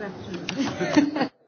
Köszönöm.